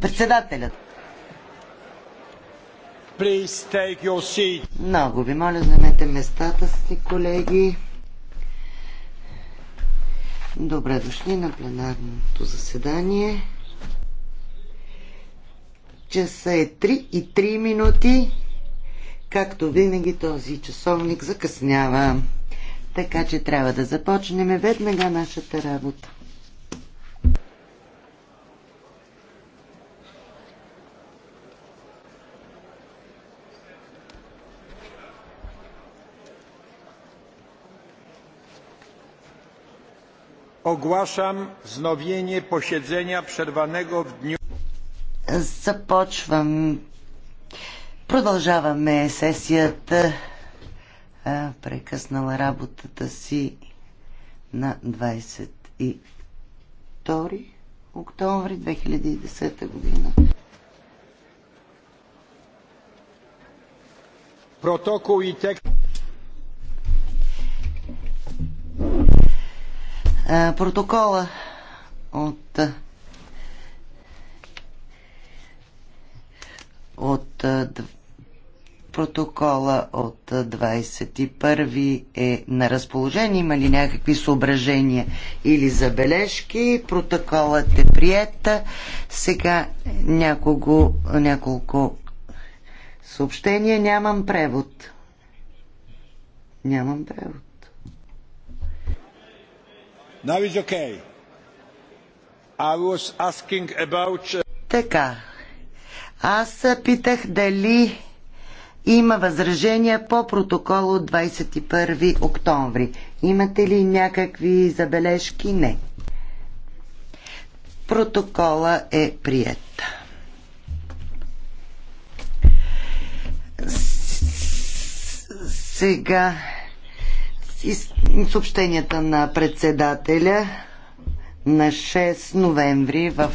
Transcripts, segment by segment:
председателят. Много ви моля, вземете местата си, колеги. Добре дошли на пленарното заседание. Часа е 3 и 3 минути. Както винаги този часовник закъснява. Така че трябва да започнем веднага нашата работа. Ogłaszam wznowienie posiedzenia przerwanego w dniu. Започвам. Продължаваме сесията. А, прекъснала работата си на 22 октомври 2010 година. Протокол и текст. Протокола от от протокола от 21 е на разположение. Има ли някакви съображения или забележки? Протоколът е прият. Сега няколко, няколко съобщения. Нямам превод. Нямам превод. Now it's okay. I was asking about... Uh, така. Аз питах дали има възражения по протокол от 21 октомври. Имате ли някакви забележки? Не. Протокола е прият. Сега съобщенията на председателя на 6 ноември в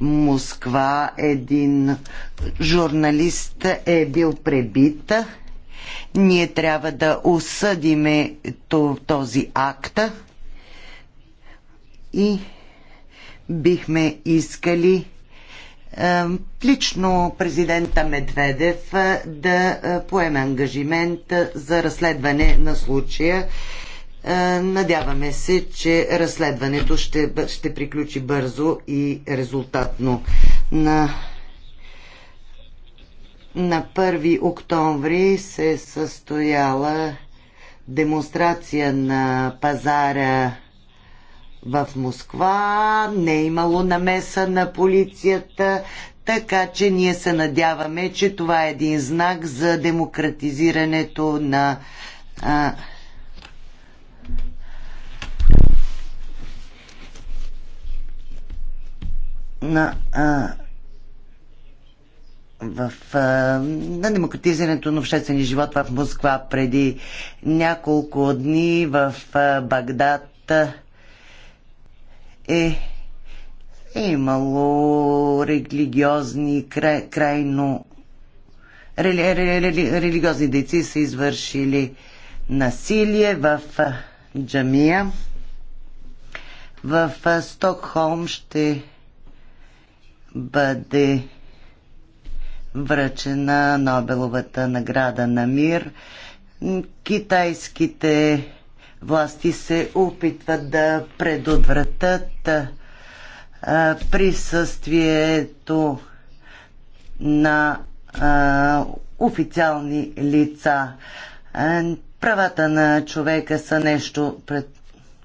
Москва един журналист е бил пребит. Ние трябва да осъдиме този акт и бихме искали лично президента Медведев е, да е, поеме ангажимент за разследване на случая. Е, надяваме се, че разследването ще, ще приключи бързо и резултатно. На, на 1 октомври се състояла демонстрация на пазара в Москва, не е имало намеса на полицията, така че ние се надяваме, че това е един знак за демократизирането на а, на а, в, а, на демократизирането на обществения живот в Москва преди няколко дни в а, Багдад е, е имало религиозни, край, крайно рели, рели, религиозни дейци са извършили насилие в джамия. В Стокхолм ще бъде връчена Нобеловата награда на мир. Китайските власти се опитват да предотвратят присъствието на официални лица. Правата на човека са нещо пред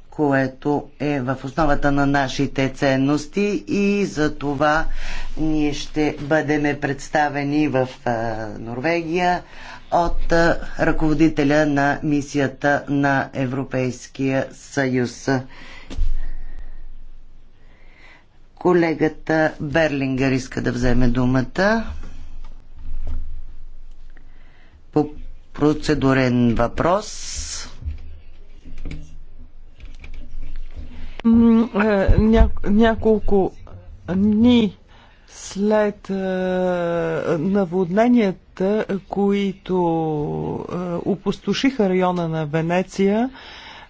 което е в основата на нашите ценности и за това ние ще бъдем представени в Норвегия, от ръководителя на мисията на Европейския съюз. Колегата Берлингер иска да вземе думата по процедурен въпрос. Е, няколко дни след е, наводненията, които е, опустошиха района на Венеция,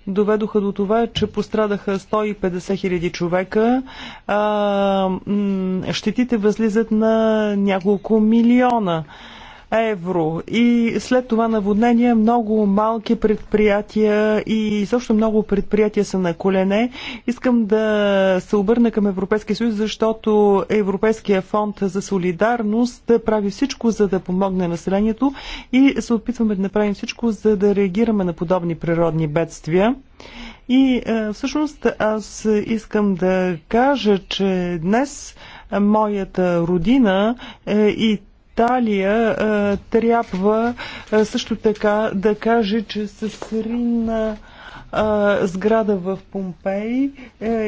доведоха до това, че пострадаха 150 хиляди човека. А, щетите възлизат на няколко милиона евро. И след това наводнение много малки предприятия и също много предприятия са на колене. Искам да се обърна към Европейския съюз, защото Европейския фонд за солидарност прави всичко, за да помогне населението и се опитваме да направим всичко, за да реагираме на подобни природни бедствия. И е, всъщност аз искам да кажа, че днес моята родина е, и Италия а, трябва а, също така да каже, че се срина сграда в Помпей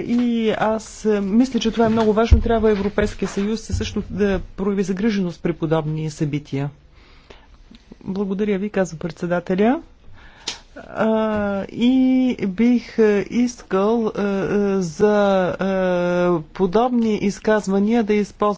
и аз мисля, че това е много важно. Трябва Европейския съюз също да прояви загриженост при подобни събития. Благодаря ви, каза председателя. И бих искал за подобни изказвания да използвам